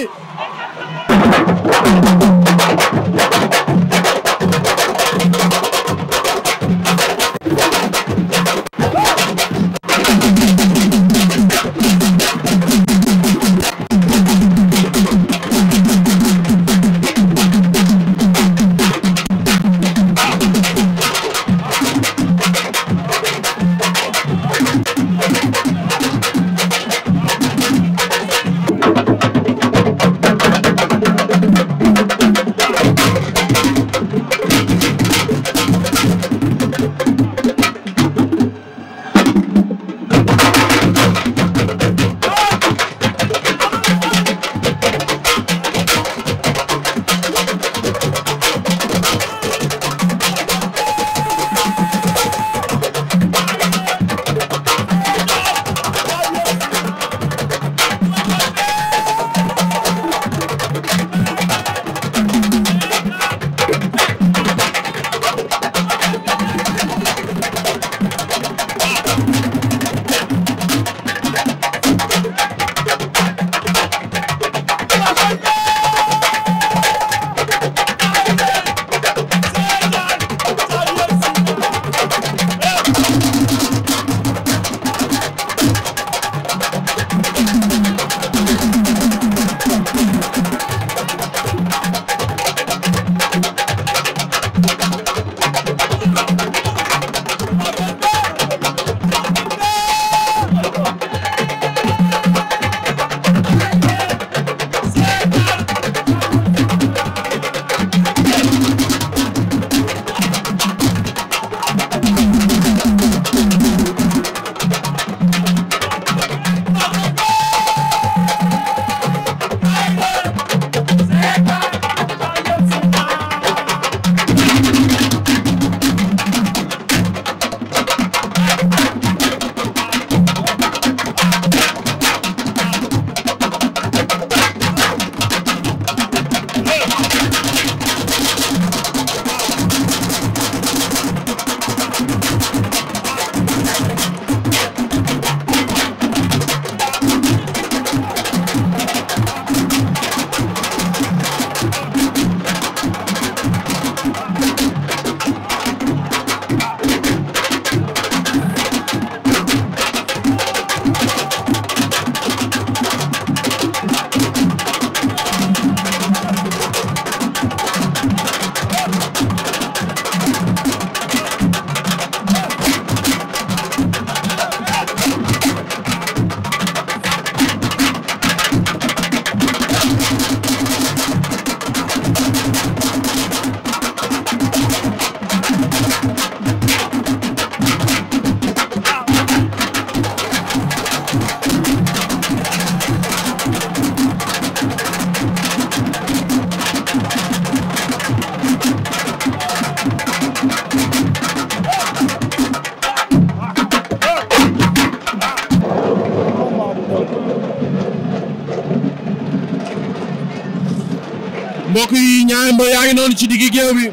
noonu ci diggi géew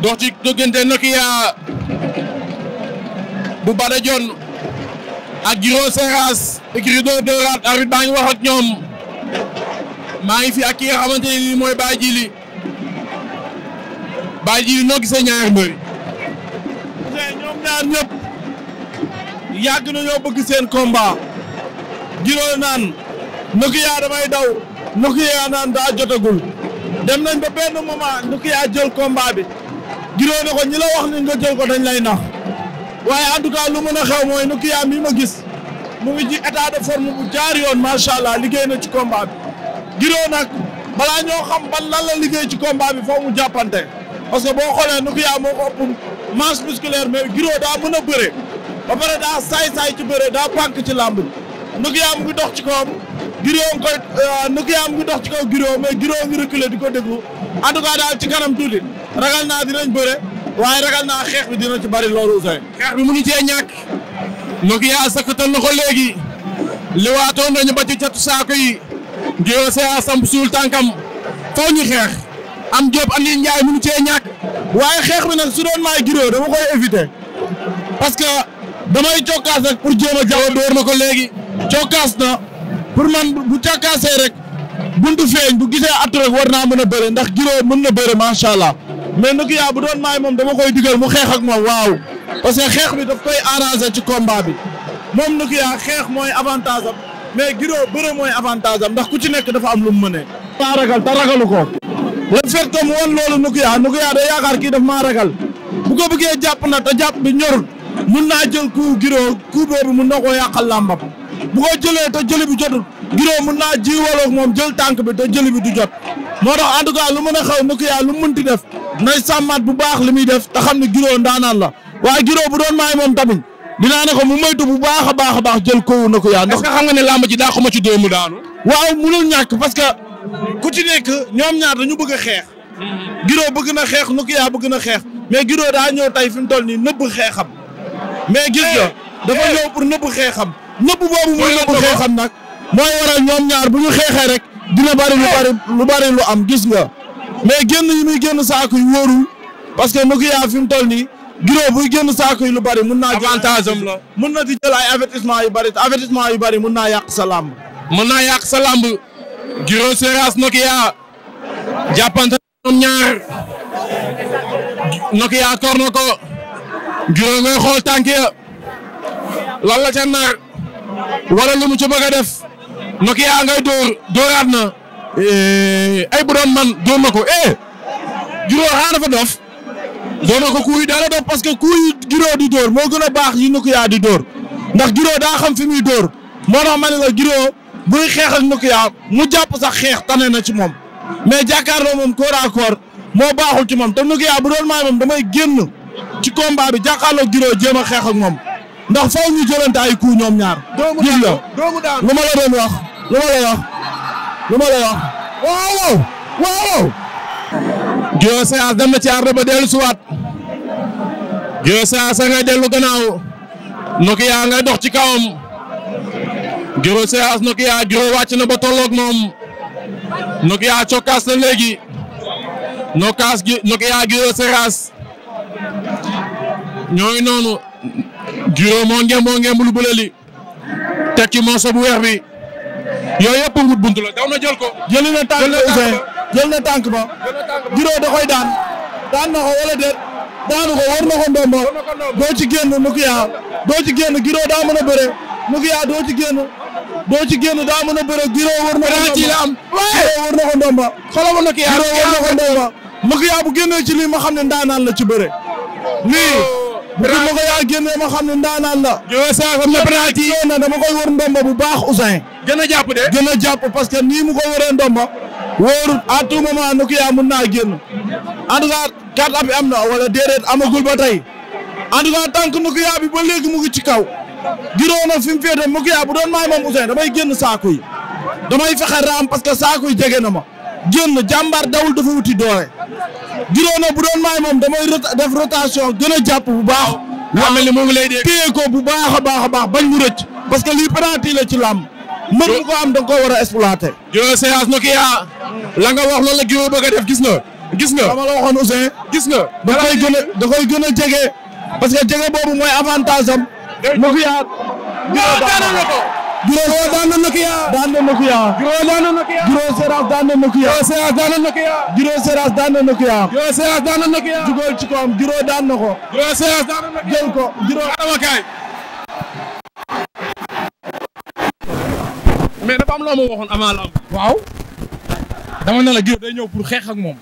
dox ci dëggante Nokia bu Bada Dione ak Giro Seras écrit dóor dóoraat arbitre baa wax ak ñoom maa ngi fi ak ki nga xamante ne nii mooy Baye Djili Baye Djili noo gisee ñaari ñoom ñaar ñëpp yàgg nañoo bëgg seen combat Giro naan Nokia damay daw Nokia naan daa jotagul dem nañ ba benn moment nu ki yaa jël combat bi giroo ne ko ñi la wax nañ nga jël ko dañ lay nax waaye en tout cas lu mën a xew mooy nu ki yaa mi ma gis mu ngi ji état de forme bu jaar yoon macha allah liggéey na ci combat bi. giroo nag balaa ñoo xam ban lan la liggéey ci combat bi foo mu jàppante parce que boo xoolee nu ki yaa moo ko ëpp masse musculaire mais giroo daa mën a bëre ba pare daa saay saay ci bëre daa pànk ci làmb nu ki yaa mu ngi dox ci kawam. Giriom koy mu euh, dox ci kaw Giriom mais Giriom ngi reculer di ko déglu en tout cas daal ci kanam tuuti ragal naa dinañ bëre waaye ragal naa xeex bi dina ci bari loolu Ousseyn. xeex bi mënu cee ñàkk. Nokia sakkatal na ko léegi. li waatoon nañu ba ci catu saako yi. Giro Seya samp suul tànkam. faw xeex. am Diop am nañu Ndiaye mënu cee ñàkk. waaye xeex bi nag su doon maay Giro dama koy éviter. parce que damay cokkaas rek pour jéem a jaww dóor ma ko léegi. cokkaas na. pour man bu càkkaasee rek buntu feeñ bu gisee atro war naa mën a bëre ndax giroo mën na bëre macha allah mais nag yaa bu doon maay moom dama koy digal mu xeex ak moom waaw parce que xeex bi daf koy arranger ci combat bi moom nag yaa xeex mooy avantage am mais giroo bëre mooy avantage ndax ku ci nekk dafa am lu mu mënee. maa ragal te ragalu ko. le fait que mu wan loolu nag yaa nag yaa kii daf maa ragal bu ko bëggee jàpp na te jàpp bi ñorut mun naa jël coup giroo coup mun na koo yàqal làmbam. bu ko jëlee te jëli bi jotul Giro mën naa jiwaloog moom jël tànk bi te jëli bi du jot moo tax en tout cas lu mën a xaw Nokia yaa lu mu mënti def nay sàmmaat bu baax li muy def te xam ne Giro ndaanaan la waaye Giro bu doon maay moom tamit dinaa ne ko mu moytu bu baax a baax a baax jël kawu Nokia ndox nga xam nga ne làmb ji daa xuma ci doomu daanu. waaw mu ñàkk parce que ku ci nekk ñoom ñaar dañu bëgg a xeex. Giro bëgg na xeex Nokia bëgg na xeex mais Giro daa ñëw tey fi mu toll nii nëbb xeexam mais gis nga eh, dafa eh. ñëw pour nëbb xeexam nëbb boobu muy nëbb xeexam nag mooy waral ñoom ñaar bu ñu xeexee rek dina bari lu bari lu am gis nga mais génn yi muy génn saako yi wóorul parce que Nokia fi mu toll nii Giro buy génn saako yi lu bari mun naa. avantage mun na di jël yu bari te yu bari mun naa yàq sa làmb. mën naa yàq sa làmb. Giro Seras Nokia jàppante Nokia kor na ko xool tànk ya lan la wala lu mu ci bëgg a def Nokia ngay dóor dóoraat na eh, ay bu man dóor ma ko eh Giro xaa dafa dof dóor na ko kuy daala dof parce que kuy Giro di dóor moo gën a baax yi Nokia di dóor ndax Giro daa xam fi muy dóor moo tax ma ne la Giro buy xeex ak Nokia mu jàpp sax xeex tane na ci moom mais na moom corps à corps moo baaxul ci moom te Nokia bu doon maay moom damay génn ci combat bi jàkkaarloo Giro jéem a xeex ak moom ndax faaw ñu jëlante ay ñoom ñaar. doomu daanu doomu lu ma la doon wax lu ma lay wax lu ma lay wax waaw waaw. Guiro Séras dem na ci àll ba dellu suwaat Guiro Séras a ngay dellu gannaaw Nokia ngay dox ci kawam Guiro Séras Nokia Guiro wàcc na ba tolloog moom Nokia cokkaas na léegi Nokia Guiro Séras ñooy noonu. Giro moo ngem moo ngem lu bële li teg ci mooso bu weex bi yooyu yëpp ngut buntu la daw na jël ko. jël na tànk Ousseyn jël na tànk ba Giro da koy daan daan na ko wala déet daanu ko war na ko ndombo doo ci génn Nokia doo ci génn Giro daa mën a bëre Nokia doo ci génn doo ci génn daa mën a bëre Giro war na ko ndomba la am Giro war na ko ndomba xoolal ma Nokia Giro war na ko ndomba Nokia bu génnee ci lii ma xam ne ndaanaan la ci bëre lii bu ma ko yaa génnee ma xam ne ndaanaan la. Ndiol Sakho ma penalty dama koy wër ndomba bu baax Ousseyn. gën a jàpp de. gën a jàpp parce que nii mu ko wëree ndomba. wóorut à tout moment nu yaa mun naa génn. en tout cas carte d'appui am na wala déedéet amagul ba tey. en tout cas tànk nu ko yaa bi ba léegi mu ngi ci kaw. giroon na fi mu féete mu ko bu doon maay moom Ousseyn damay génn saako yi. damay fexe raam parce que saako yi jege na ma. génn jàmbaar dawul dafa wuti doole. Giro na bu doon maay moom damay def rotation gën a jàpp bu baax. waaw mel ni mu ngi lay dégg téye bu baax a baax a baax bañ mu rëcc. parce que lii penalty la ci làmb. mën mu ko am da war a exploiter. Giro séance no ki yaa la nga wax loolu la Giro bëgg a def gis nga. gis nga dama la waxoon gis nga da koy gën a da koy jege. parce que jege boobu mooy avantage am. mu ngi yaat. waaw daanaka ko. Guiro daan na Nokia. daan na Nokia. Guiro daan na Nokia. Guiro Seras daan na Nokia. Guiro Seras daan na Nokia. Guiro Seras daan na Nokia. Guiro Seras daan na Nokia. jugóol ci koom Guiro daan na ko. Guiro Seras daan na Nokia. jël ko Guiro. Adama kaay. mais dafa am loo ma waxoon avant la am. waaw. dama ne la Guiro day ñëw pour xeex ak moom.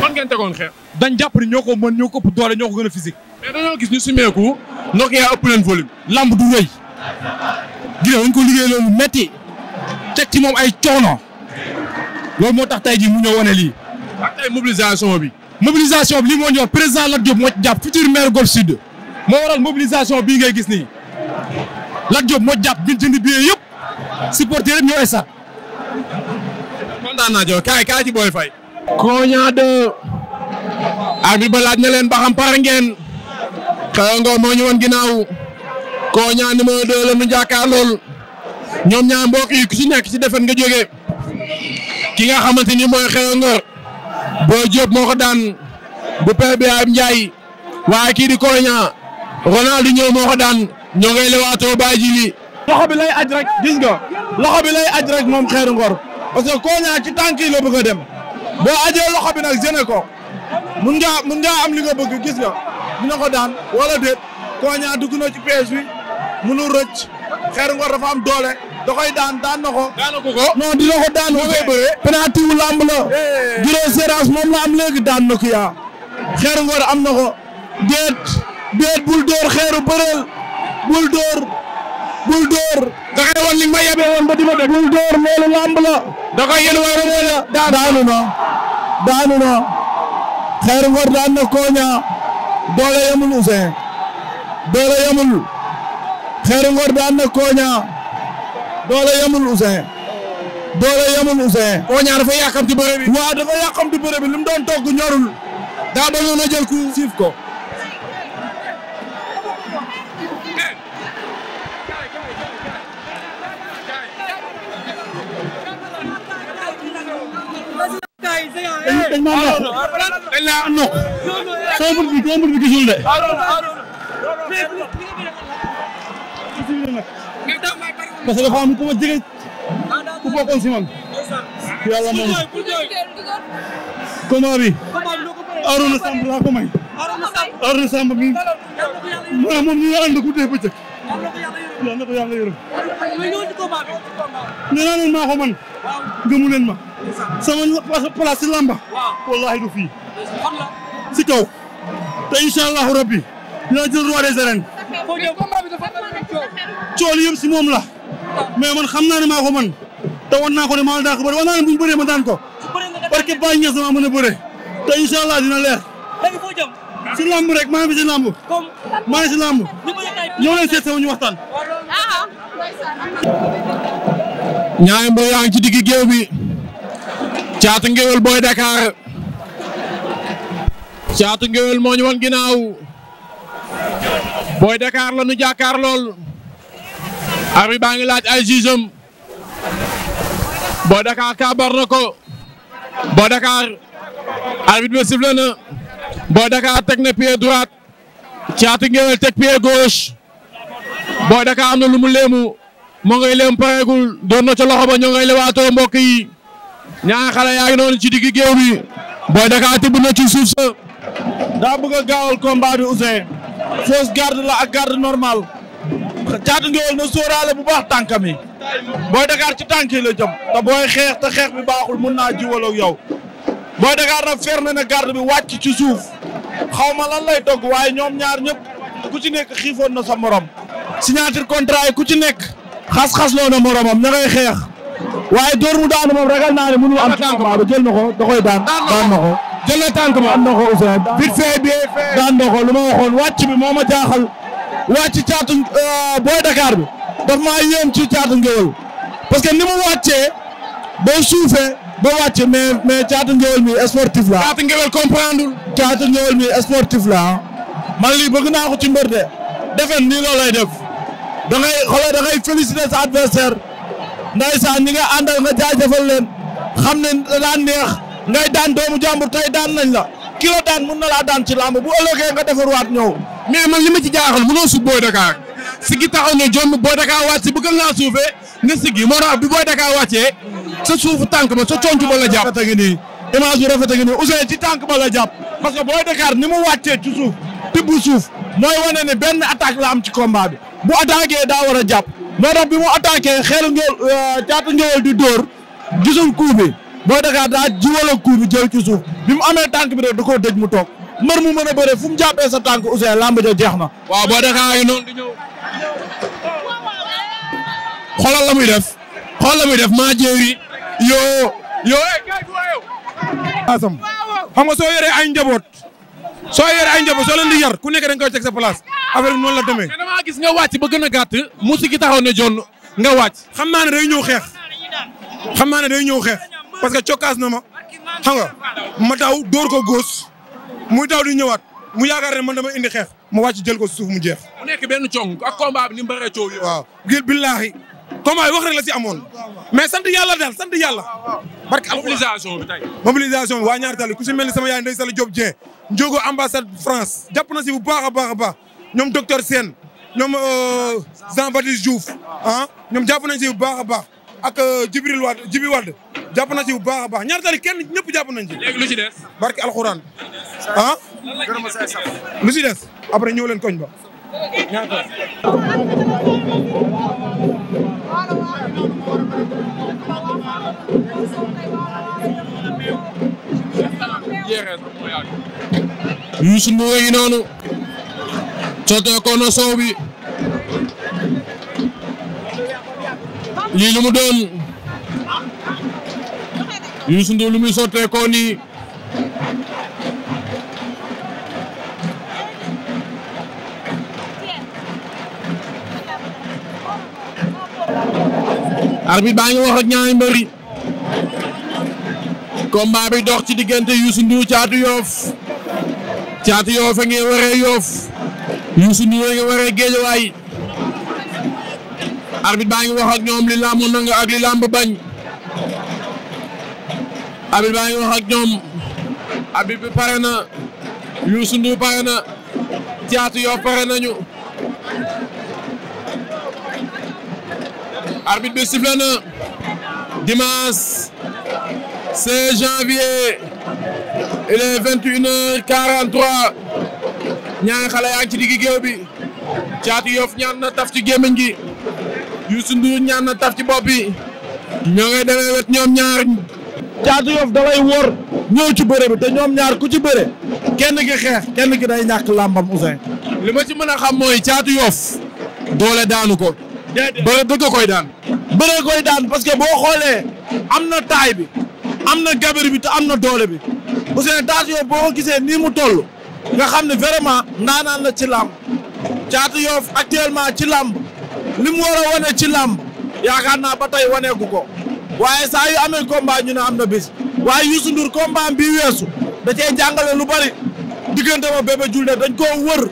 man ngeen tegoon xeex. dañ jàpp ni ñoo ko mën ñoo ko ëpp doole ñoo ko gën a physique. mais dañoo gis ñu sumeeku. Nokia ëpp leen volume. lamb du rëy. Guiro dañ ko liggéey loolu metti teg ci moom ay coono loolu moo tax tey jii mu ñëw wane lii. ak mobilisation bi. mobilisation bi li moo ñor président Lat Diop moo ci jàpp futur maire Golf Sud moo waral mobilisation bii ngay gis nii Lat Diop moo jàpp biñ jënd billet yëpp supporter yëpp esat. kontaan naa jox kaay ba laaj na leen ba xam pare ngeen. Kalango moo ñu woon ginnaaw. Koña numéro 2 la ñu jàkkaar lool ñoom ñaar mbokk yi ku ci nekk ci defet nga jógee ki nga xamante ni mooy xew boo Diop moo ko daan bu PBA Ndiaye waaye kii di Koña Ronaldo ñëw moo ko daan ñoo ngay lewaatoo loxo bi lay aj rek gis nga loxo bi lay aj rek moom xeeru parce que Koña ci tànk yi bëgg a dem boo ajee loxo bi nag génne mun ngaa mun am li nga bëgg gis nga dina ko daan wala déet Koña dugg ci piège bi munu rëcc xeeru ngor dafa doole da daan daan na ko. daan na ko ko non dina daan. bu wu lamb la. juróom moom la daan na ko yaa. am na ko. déet bul door xeeru bëreel bul door bul door. nga koy wan li ma di ma dégg. bul door loolu lamb la. da koy yéen waaye rek la daan daanu na daanu na daan na koo doole yemul Ousseyn doole yemul. Xeeru Ngor daan na Koña doole yamul Ousseyn doole yamul Ousseyn. Koña dafa yàqamti bëre bi. waaw dafa yàqamti bëre bi li doon togg ñorul. daa doon na jël ku siif ko. parce que dafa am ku ma jege ku bokkoon si man. yàlla moom combat bi. Arouna Samb ko may. Arouna Samb mi maanaam moom ñu ngi ànd ku dee bëccëg. yàlla na ko yàlla yërëm. nee naa leen maa ko man leen ma. sama place lamba. wallahi du fii. si kaw. te incha allahu rabbi dinaa jël roi des moom la. mais man xam naa ne maa ko mën te wan naa ko ne maa daan ko bëri wan naa ne ma daan ko parce que bàyyi ñes dama mën a bëre te incha allah dina leer si lamb rek maa ngi si lamb maa ngi si lamb ñëw leen seet sama ñu waxtaan ah. ñaari mbër yaa ngi ci diggi géew bi caatu ngewel booy Dakar caatu ngéwél moo wan ginnaaw booy Dakar la nu jàkkaar lool Arbitre baa ngi laaj ay jugeem Boy Dakar kaabar na ko Boy Dakar arbitre bi sifflé na Boy Dakar teg na pied teg pied gauche Boy Dakar am na lu mu léemu moo ngay léem pareegul doon na ca loxo ba ñoo ngay lewaatoo mbokk yi ñaari xale yaa ngi noonu ci digg géew bi Boy Dakar tibb na ci suuf daa bëgg a gaawal combat bi Ousseyn garde la ak garde normale Caatu Ngéwél na sóoraale bu baax tànkam yi Boy Dakar ci tànk yi la jëm te booy xeex te xeex bi baaxul mun naa jiwaloo ak yow Boy Dakar nag fer na ne bi wàcc ci suuf xaw ma lan lay togg waaye ñoom ñaar ñëpp ku ci nekk xiifoon na sa morom si contrat yi ku ci nekk xas-xas loo na moromam ña ngay xeex waaye door mu daanu moom ragal naa ne am tànk ba jël na ko da koy daan daan na ko jël na tànk ba daan na ko Ousseyn vite fait bi daan na ko lu ma waxoon wàcc bi moo ma jaaxal ci caatu euh, booy Dakar bi daf maa yéem ci caatu ngéwél parce que ni mu wàccee boo suufee ba wàcc mais mais caatu ngéwél mi sportif la caatu ngéwél comprendre caatu ngéwél mi sportif la man lii bëgg naa ko ci mbër de defen nii loolu lay def da ngay xoolal da ngay féliciter sa adversaire ndaysaan ñi nga àndal nga leen xam ne daan neex ngay daan doomu jàmbur tey daan nañ la kilo daan mun na laa daan ci làmb bu ëllëgee nga defarwaat ñëw mais man li ma ci jaaxal mënoo su Boy Dakar sigi taxaw ne jom Boy Dakar wàcc bu gën laa suufee nga sigi moo tax bi Boy Dakar wàccee sa suufu tànk ba sa conc ba la jàpp. image bi rafet a ngi nii Ousseyn ci tànk ba la jàpp parce que Boy Dakar ni mu wàccee ci suuf tibb suuf mooy wane ne benn attaque la am ci combat bi bu attaqué daa war a jàpp moo tax bi mu attaqué xeelu ngeen euh, caatu ngeen di dóor gisul coup bi Boy Dakar daa jiwala coup bi jël ci suuf bi mu amee tànk bi rek da koo dëj mu toog. mbër mu mën a bëre fu mu jàppee sa tànk Ousseyn làmb ja jeex na. waaw boo dee kaa ngi noonu di ñëw. xoolal la muy def. xoolal la muy def maa jéeri. yoo yoo. Eh, asam xam nga soo yoree ay njaboot. soo yoree ay njaboot soo leen di yar ku nekk da nga koy teg sa place affaire bi noonu la demee. gis nga wàcc ba gën a gàtt. musu gi taxaw ne jon nga wàcc. xam naa ne day ñëw xeex. xam naa ne day ñëw xeex parce que cokkaas na ma xam ma daw dóor ko góos. muy daw di ñëwaat mu yaakaar ne man dama indi xeex mu wàcc jël ko suuf mu jeex. mu nekk benn cong ak waaw ngir billaahi combat yi wax rek la si amoon mais sant yàlla daal sant yàlla. barke mobilisation bi tey. mobilisation bi waa ñaari tali ku si mel ni sama yaay Ndeye Sala Diop Dieng njóogo ambassade France jàpp na si bu baax a baax a baax ñoom docteur Sène ñoom euh, Jean Baptiste Diouf ah ñoom jàpp nañ si bu baax a baax. ak euh, Jibril Wade Jibi Wade jàpp na ci bu baax a baax ñaari tali kenn ñëpp jàpp nañ ci. léegi lu ci des. barki alxuraan. ah. lu ci des. après ñëw leen koñ ba. Youssou Ndour ko na soow lii lu mu doon Youssou Ndour lu muy sottee ko nii arbitre baa ngi wax ak ñaari mbër yi combat bi dox ci diggante Youssou Ndour Thiatou Yoff Thiatou Yoff a ngi waree Yoff Youssou Ndour a ngi waree Guédiawaye arbitre baa ngi wax ak ñoom li làmb nangu ak li làmb bañ. arbitre baa ngi wax ak ñoom. arbitre bi pare na. Youssou Ndour pare na. Thiatou Yoff pare nañu. arbitre bi sifflé na. dimanche. 16 janvier. il heures 43. ñaari xale yaa ci digg géew bi. Thiatou Yoff ñaan na taf ci gémmiñ gi. Youssou Ndour ñaan na taf ci bopp bi ñoo ngay demee ñoom ñaar Caatu Yoff da lay wor ñëw ci bëre bi te ñoom ñaar ku ci bëre kenn ki xeex kenn ki day ñàkk làmbam Ousseyn li ma ci mën a xam mooy Caatu Yoff doole daanu ko bëre dëgg koy daan bëre koy daan parce que boo xoolee am na taay bi am na gabarit bi te am na doole bi Ousseyn Caatu Yoff boo ko gisee nii mu toll nga xam ne vraiment ndaanaan la ci làmb Caatu Yoff actuellement ci làmb li mu war a wane ci làmb yaakaar naa ba tey waneeku ko waaye saa yu amee combat ñu ne am na bis waaye Youssou Ndour combat bi weesu da cee lu bari diggante ma Bébé Diouldé dañ ko wër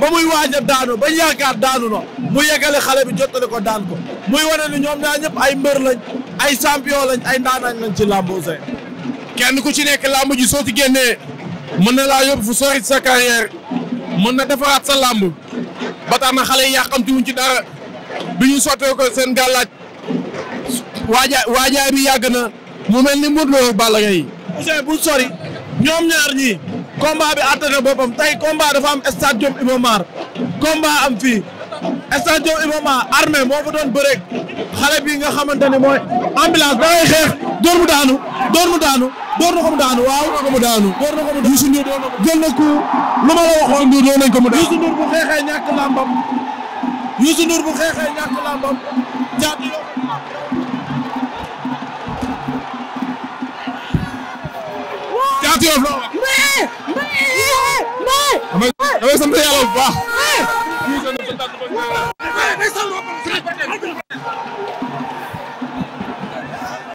ba muy waaj a daanu ba yaakaar daanu na mu yeggale xale bi jottali ko daan ko muy wane ni ñoom ñaar ñëpp ay mbër lañ ay champion lañ ay ndaanaan lañ ci làmb Ousseyn. kenn ku ci nekk làmb ji soo ci génnee mën na laa yóbbu fu sori sa carrière mën na defaraat sa làmb ba tax xale yi yàqamti wuñ ci dara. bi ñu sottee ko seen gàllaaj waajaay bi yàgg na mu mel ni Modou Lo Balla Gaye Ousseyn bu sori ñoom ñaar ñii combat bi àtte na boppam tey combat dafa am stade Diop Iba Mar combat am fii stade Diop Iba Mar armée moo fa doon bëreeg xale bi nga xamante ne mooy ambulance da ngay xeex door mu daanu door mu daanu door na ko mu daanu waaw door ko mu daanu door na mu daanu Youssou Ndour jël na ko lu ma la waxoon Ndour mu daanu Youssou Ndour bu xeexee ñàkk làmbam Youssou Ndour bu xeexee ñàkk làmbam jaat yo jaat yo loo wax damay sant yàlla bu baax